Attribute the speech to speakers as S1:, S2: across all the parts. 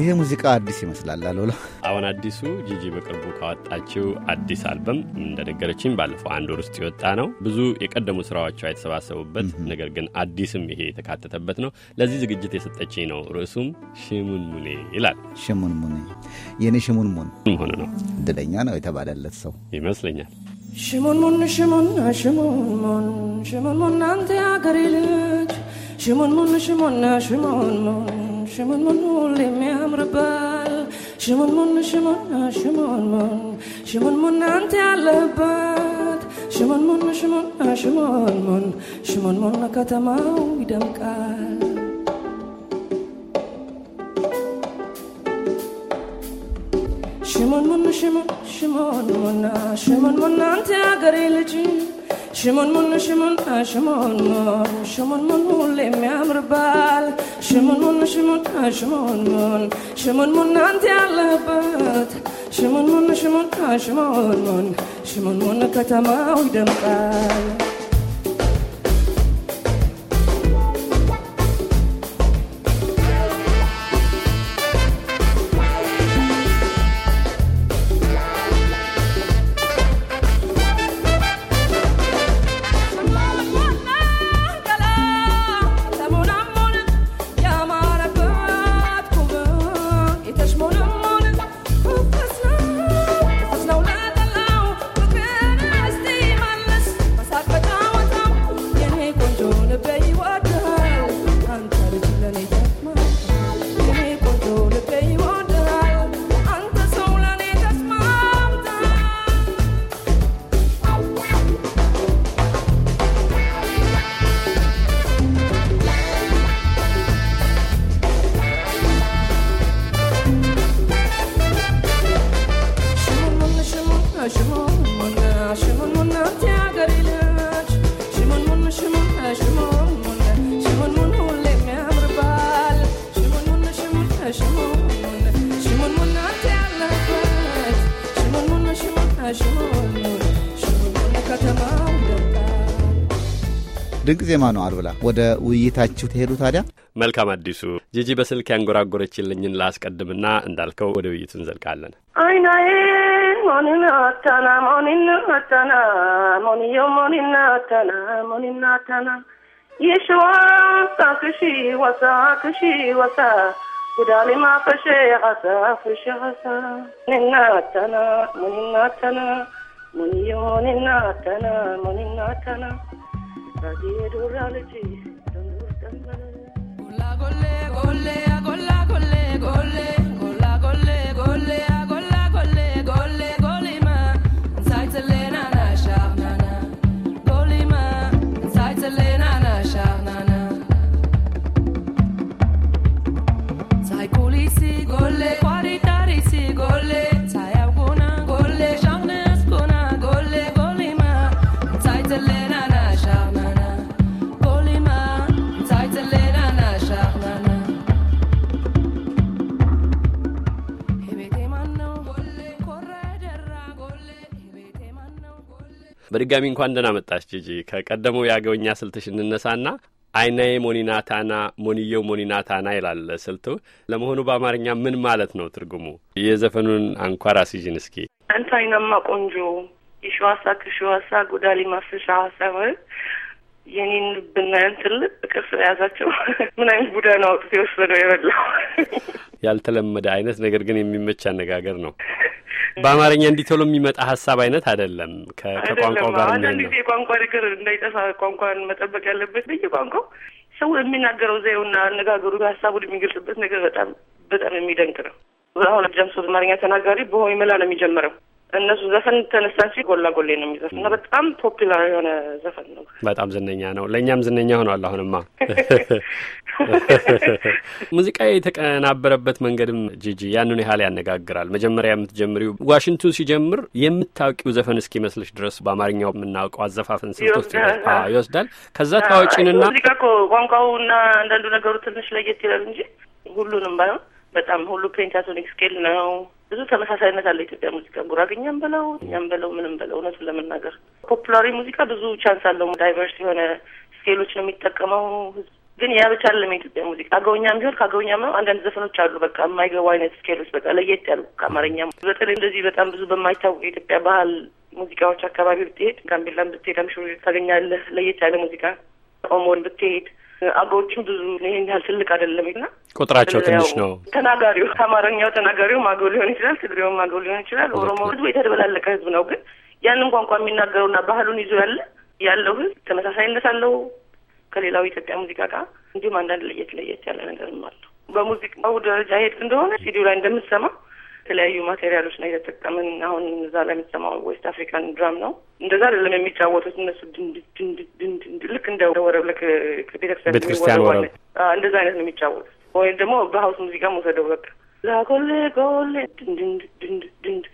S1: ይሄ ሙዚቃ አዲስ ይመስላል አሉላ። አሁን አዲሱ ጂጂ በቅርቡ ካወጣችው አዲስ አልበም እንደነገረችኝ ባለፈው አንድ ወር ውስጥ የወጣ ነው። ብዙ የቀደሙ ስራዎቿ የተሰባሰቡበት ነገር ግን አዲስም ይሄ የተካተተበት ነው። ለዚህ ዝግጅት የሰጠችኝ ነው። ርዕሱም ሽሙን ሙኔ ይላል። ሽሙን ሙኔ የኔ ሽሙን ሙን ሆነ ነው። እድለኛ ነው የተባለለት ሰው ይመስለኛል።
S2: ሽሙን ሽሙን ሙን ሽሙን ሙን ሽሙን ሙን አንተ ያገሬ ልጅ ሽሙን ሽሙን ሙን שמעון מון עולה מהמרבל שמעון מון שמעון שמעון מון שמעון מון אנטי על הבת שמעון מון שמעון שמעון מון שמעון מון הכתמה הוא ידמקל שמעון מון שמעון שמעון מונה שמעון מון אנטי הגרי לג'י شمون من شمون شمون من شمون من اللي معمر بال شمون من شمون شمون من شمون من انت على هبات شمون من شمون شمون من شمون من كتما ويدمقال
S1: ድንቅ ዜማ ነው አሉላ። ወደ ውይይታችሁ ተሄዱ ታዲያ። መልካም አዲሱ ጂጂ በስልክ ያንጎራጎረችልኝን ላስቀድምና እንዳልከው ወደ ውይይቱ እንዘልቃለን።
S3: አይናዬ ሞኒና አታና ሞኒዮ የሸዋ ሳክሺ ወሳ ክሺ ወሳ ሀሳ ፍሽ ሀሳ ሞኒዮ I did orality.
S1: በድጋሚ እንኳን ደህና መጣሽ ጂጂ። ከቀደሞ የአገውኛ ስልትሽ እንነሳና አይናዬ ሞኒናታና ሞኒየው ሞኒናታና ይላል ስልቱ። ለመሆኑ በአማርኛ ምን ማለት ነው ትርጉሙ? የዘፈኑን አንኳር አስይዥን እስኪ።
S3: አንተ አይናማ ቆንጆ የሸዋሳ ከሸዋሳ ጉዳሊ ማፍሻ ሀሳብ የኔን ልብና ትልቅ ቅርስ የያዛቸው ምን አይነት ቡዳ ነው አውጥቶ የወሰደው የበላው
S1: ያልተለመደ አይነት ነገር ግን የሚመች አነጋገር ነው። በአማርኛ እንዲህ ቶሎ የሚመጣ ሀሳብ አይነት አይደለም። ከቋንቋ ጋር አንዳንድ ጊዜ
S3: የቋንቋ ነገር እንዳይጠፋ ቋንቋን መጠበቅ ያለበት በየቋንቋው ሰው የሚናገረው ዘዬውና አነጋገሩ ሀሳቡን የሚገልጽበት ነገር በጣም በጣም የሚደንቅ ነው። አሁን ለምሳሌ አማርኛ ተናጋሪ በሆይ መላ ነው የሚጀምረው እነሱ ዘፈን ተነሳንሲ ጎላ ጎሌ ነው የሚዘፍ እና በጣም ፖፒላር የሆነ ዘፈን ነው።
S1: በጣም ዝነኛ ነው። ለእኛም ዝነኛ ሆኗል። አሁንማ ሙዚቃ የተቀናበረበት መንገድም ጂጂ ያንን ያህል ያነጋግራል። መጀመሪያ የምትጀምሪው ዋሽንግቶን ሲጀምር የምታውቂው ዘፈን እስኪመስልሽ ድረስ በአማርኛው የምናውቀው አዘፋፈን ስልቶስ ይወስዳል። ከዛ ታዋጪንና ሙዚቃ
S3: እኮ እና አንዳንዱ ነገሩ ትንሽ ለየት ይላል እንጂ ሁሉንም ባይሆን በጣም ሁሉ ፔንታቶኒክ ስኬል ነው ብዙ ተመሳሳይነት አለ ኢትዮጵያ ሙዚቃ። ጉራግኛም በለው እኛም በለው ምንም በለው እውነቱን ለመናገር ፖፑላሪ ሙዚቃ ብዙ ቻንስ አለው። ዳይቨርስ የሆነ ስኬሎች ነው የሚጠቀመው ህዝብ ግን ያ ብቻ አይደለም። የኢትዮጵያ ሙዚቃ አገውኛም ቢሆን ከአገውኛም ነው። አንዳንድ ዘፈኖች አሉ በቃ የማይገቡ አይነት ስኬሎች በቃ ለየት ያሉ ከአማርኛም በተለይ እንደዚህ በጣም ብዙ በማይታወቅ የኢትዮጵያ ባህል ሙዚቃዎች አካባቢ ብትሄድ፣ ጋምቤላን ብትሄድ አምሹ ታገኛለህ ለየት ያለ ሙዚቃ ኦሞን ብትሄድ አገዎቹም ብዙ ይሄን ያህል ትልቅ አይደለም እና
S1: ቁጥራቸው ትንሽ
S3: ነው። ተናጋሪው አማርኛው ተናጋሪው አገው ሊሆን ይችላል፣ ትግሬውም አገው ሊሆን ይችላል። ኦሮሞ ህዝቡ የተደበላለቀ ህዝብ ነው። ግን ያንን ቋንቋ ና ባህሉን ይዞ ያለ ያለው ህዝብ ተመሳሳይነት አለው ከሌላው ኢትዮጵያ ሙዚቃ ጋር እንዲሁም አንዳንድ ለየት ለየት ያለ ነገርም አለው። በሙዚቃው ደረጃ ሄድ እንደሆነ ሲዲው ላይ እንደምትሰማ የተለያዩ ማቴሪያሎች ነው የተጠቀምን። አሁን እዛ ላይ የምትሰማው ዌስት አፍሪካን ድራም ነው። እንደዛ አይደለም የሚጫወቱት እነሱ ልክ እንደ ወረብ ልክ ቤተክርስቲያን ወረብ እንደዛ አይነት ነው የሚጫወቱት። ወይም ደግሞ በሀውስ ሙዚቃ መውሰደው በቃ ላኮሌ ኮሌ ድንድድንድድንድ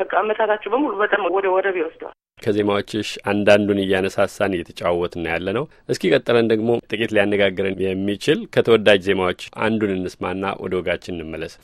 S3: በቃ አመታታቸው በሙሉ በጣም ወደ ወረብ ይወስደዋል።
S1: ከዜማዎችሽ አንዳንዱን እያነሳሳን እየተጫወትን ያለ ነው። እስኪ ቀጠለን ደግሞ ጥቂት ሊያነጋግረን የሚችል ከተወዳጅ ዜማዎች አንዱን እንስማና ወደ ወጋችን እንመለስ።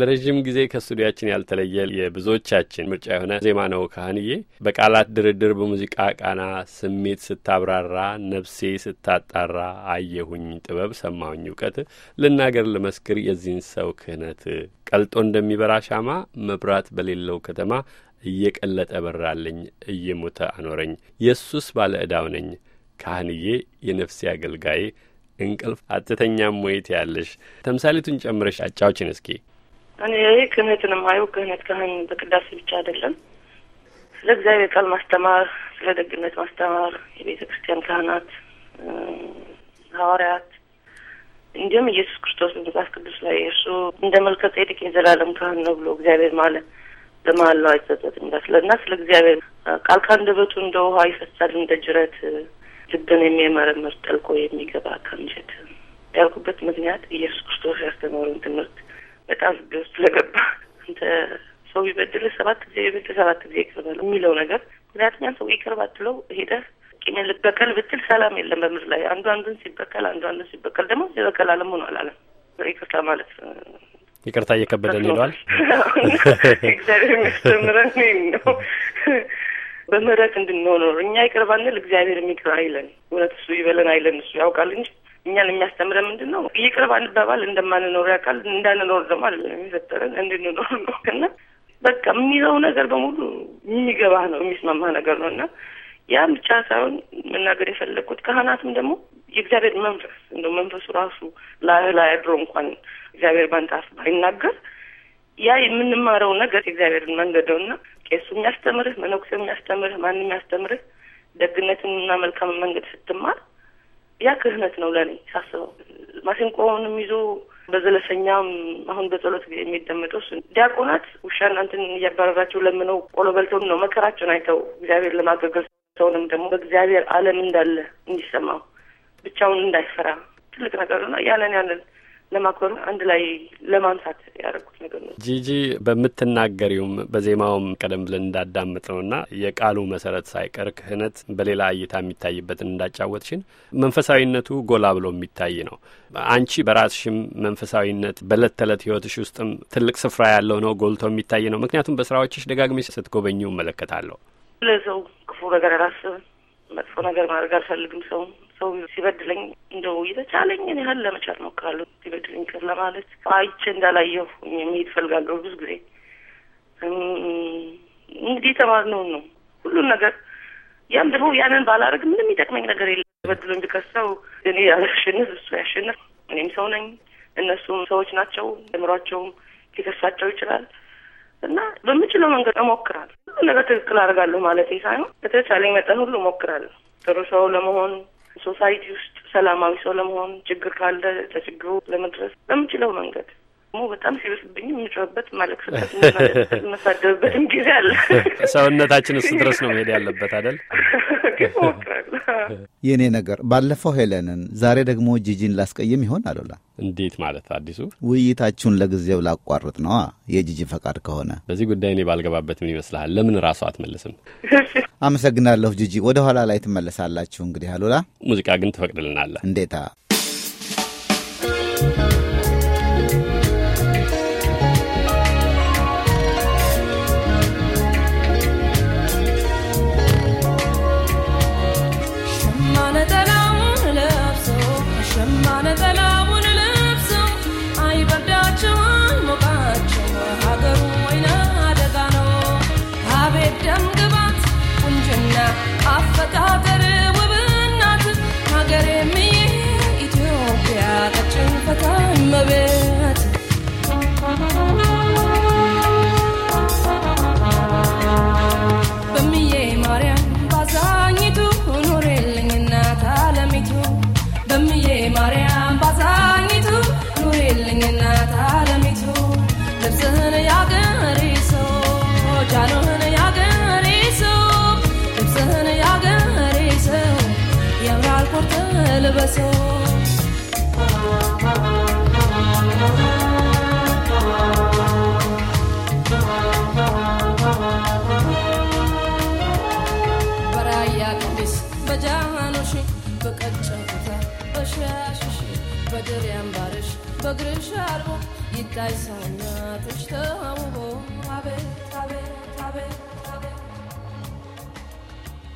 S1: ለረዥም ጊዜ ከስቱዲያችን ያልተለየ የብዙዎቻችን ምርጫ የሆነ ዜማ ነው። ካህንዬ በቃላት ድርድር በሙዚቃ ቃና ስሜት ስታብራራ ነፍሴ ስታጣራ አየሁኝ ጥበብ ሰማሁኝ እውቀት ልናገር ልመስክር የዚህን ሰው ክህነት ቀልጦ እንደሚበራ ሻማ መብራት በሌለው ከተማ እየቀለጠ በራልኝ እየሞተ አኖረኝ የሱስ ባለ ዕዳው ነኝ ካህንዬ የነፍሴ አገልጋዬ እንቅልፍ አትተኛም ወይት ያለሽ ተምሳሌቱን ጨምረሽ አጫዎችን እስኪ
S3: እኔ ክህነትን የማየው ክህነት ካህን በቅዳሴ ብቻ አይደለም። ስለ እግዚአብሔር ቃል ማስተማር፣ ስለ ደግነት ማስተማር፣ የቤተ ክርስቲያን ካህናት፣ ሐዋርያት እንዲሁም ኢየሱስ ክርስቶስ በመጽሐፍ ቅዱስ ላይ እርሱ እንደ መልከ ጼዴቅ የዘላለም ካህን ነው ብሎ እግዚአብሔር ማለት በመሐላው አይጸጸትም እንዳስለ እና ስለ እግዚአብሔር ቃል ከአንደበቱ እንደ ውሃ ይፈሳል እንደ ጅረት ልብን የሚመረምር ጠልቆ የሚገባ ከምጀት ያልኩበት ምክንያት ኢየሱስ ክርስቶስ ያስተማሩን ትምህርት በጣም ግብ ስለገባ እንተ ሰው ቢበድልህ ሰባት ጊዜ ቢበድል ሰባት ጊዜ ይቅርበል የሚለው ነገር ምክንያቱም ያን ሰው ይቅር ባትለው ሄደ ቂሜን ልበቀል ብትል ሰላም የለም በምድር ላይ አንዱ አንዱን ሲበቀል አንዱ አንዱን ሲበቀል ደግሞ ሲበቀል አለም ሆኖ አላለም ይቅርታ ማለት
S1: ይቅርታ እየከበደን ይለዋል
S3: እግዚአብሔር የሚያስተምረን ነው በምህረት እንድንሆን እኛ ይቅር ባንል እግዚአብሔር የሚቅር አይለን እውነት እሱ ይበለን አይለን እሱ ያውቃል እንጂ እኛን የሚያስተምረ ምንድን ነው? ይቅር ባንባባል እንደማንኖር ያውቃል። እንዳንኖር ደግሞ አይደለም የሚፈጠረን እንድንኖር ነው። እና በቃ የሚለው ነገር በሙሉ የሚገባህ ነው፣ የሚስማማህ ነገር ነው እና ያ ብቻ ሳይሆን መናገር የፈለግኩት ካህናትም ደግሞ የእግዚአብሔር መንፈስ እንደ መንፈሱ ራሱ ላይ ላይ አድሮ እንኳን እግዚአብሔር ባንተ ባይናገር ያ የምንማረው ነገር የእግዚአብሔርን መንገድ ነው እና ቄሱ የሚያስተምርህ፣ መነኩሴው የሚያስተምርህ፣ ማንም የሚያስተምርህ ደግነትንና መልካም መንገድ ስትማር ያ ክህነት ነው ለእኔ ሳስበው። ማሲንቆውንም ይዞ በዘለሰኛም አሁን በጸሎት የሚደመጠው እሱ ዲያቆናት ውሻ እናንትን እያባረራቸው ለምነው ቆሎ በልተው ነው መከራቸውን አይተው እግዚአብሔር ለማገልገል ሰውንም ደግሞ በእግዚአብሔር ዓለም እንዳለ እንዲሰማው ብቻውን እንዳይፈራ ትልቅ ነገር ነው ያለን ያለን ለማክበሩ አንድ ላይ ለማንሳት ያደረጉት ነገር ነው።
S1: ጂጂ በምትናገሪውም በዜማውም ቀደም ብለን እንዳዳምጥ ና የቃሉ መሰረት ሳይቀር ክህነት በሌላ እይታ የሚታይበትን እንዳጫወትሽን መንፈሳዊነቱ ጎላ ብሎ የሚታይ ነው። አንቺ በራስሽም መንፈሳዊነት በእለት ተዕለት ህይወትሽ ውስጥም ትልቅ ስፍራ ያለው ነው፣ ጎልቶ የሚታይ ነው። ምክንያቱም በስራዎችሽ ደጋግሜ ስትጎበኙ እመለከታለሁ።
S3: ለሰው ክፉ ነገር አላስብም፣ መጥፎ ነገር ማድረግ አልፈልግም። ሰው ሰው ሲበድለኝ እንደው የተቻለኝን ያህል ለመቻል ሞክራለሁ። ሲበድለኝ ቅር ለማለት አይቼ እንዳላየሁ የሚሄድ ፈልጋለሁ። ብዙ ጊዜ እንግዲህ የተማርነውን ነው ሁሉን ነገር ያም ደግሞ ያንን ባላረግ ምንም ይጠቅመኝ ነገር የለም። በድሎኝ ብከሰው እኔ ያሸንፍ እሱ ያሸንፍ፣ እኔም ሰው ነኝ፣ እነሱም ሰዎች ናቸው። ጀምሯቸውም ሊከሳቸው ይችላል እና በምችለው መንገድ እሞክራለሁ። ሁሉ ነገር ትክክል አደርጋለሁ ማለት ሳይሆን በተቻለኝ መጠን ሁሉ እሞክራለሁ ጥሩ ሰው ለመሆን ሶሳይቲ ውስጥ ሰላማዊ ሰው ለመሆን ችግር ካለ ለችግሩ ለመድረስ በምችለው መንገድ ደግሞ በጣም ሲበስብኝ የምጮህበት ማለቅስበት፣ መሳደብበትም ጊዜ አለ።
S1: ሰውነታችን እሱ ድረስ ነው መሄድ ያለበት አይደል? የእኔ ነገር ባለፈው ሄለንን ዛሬ ደግሞ ጂጂን ላስቀይም ይሆን አሉላ። እንዴት ማለት አዲሱ? ውይይታችሁን ለጊዜው ላቋርጥ ነዋ፣ የጂጂ ፈቃድ ከሆነ። በዚህ ጉዳይ እኔ ባልገባበት ምን ይመስልሃል? ለምን ራሱ አትመልስም? አመሰግናለሁ ጂጂ። ወደ ኋላ ላይ ትመለሳላችሁ እንግዲህ። አሉላ ሙዚቃ ግን ትፈቅድልናለህ? እንዴታ
S2: primavera dai sognate, stavo a vedere, a vedere, a vedere.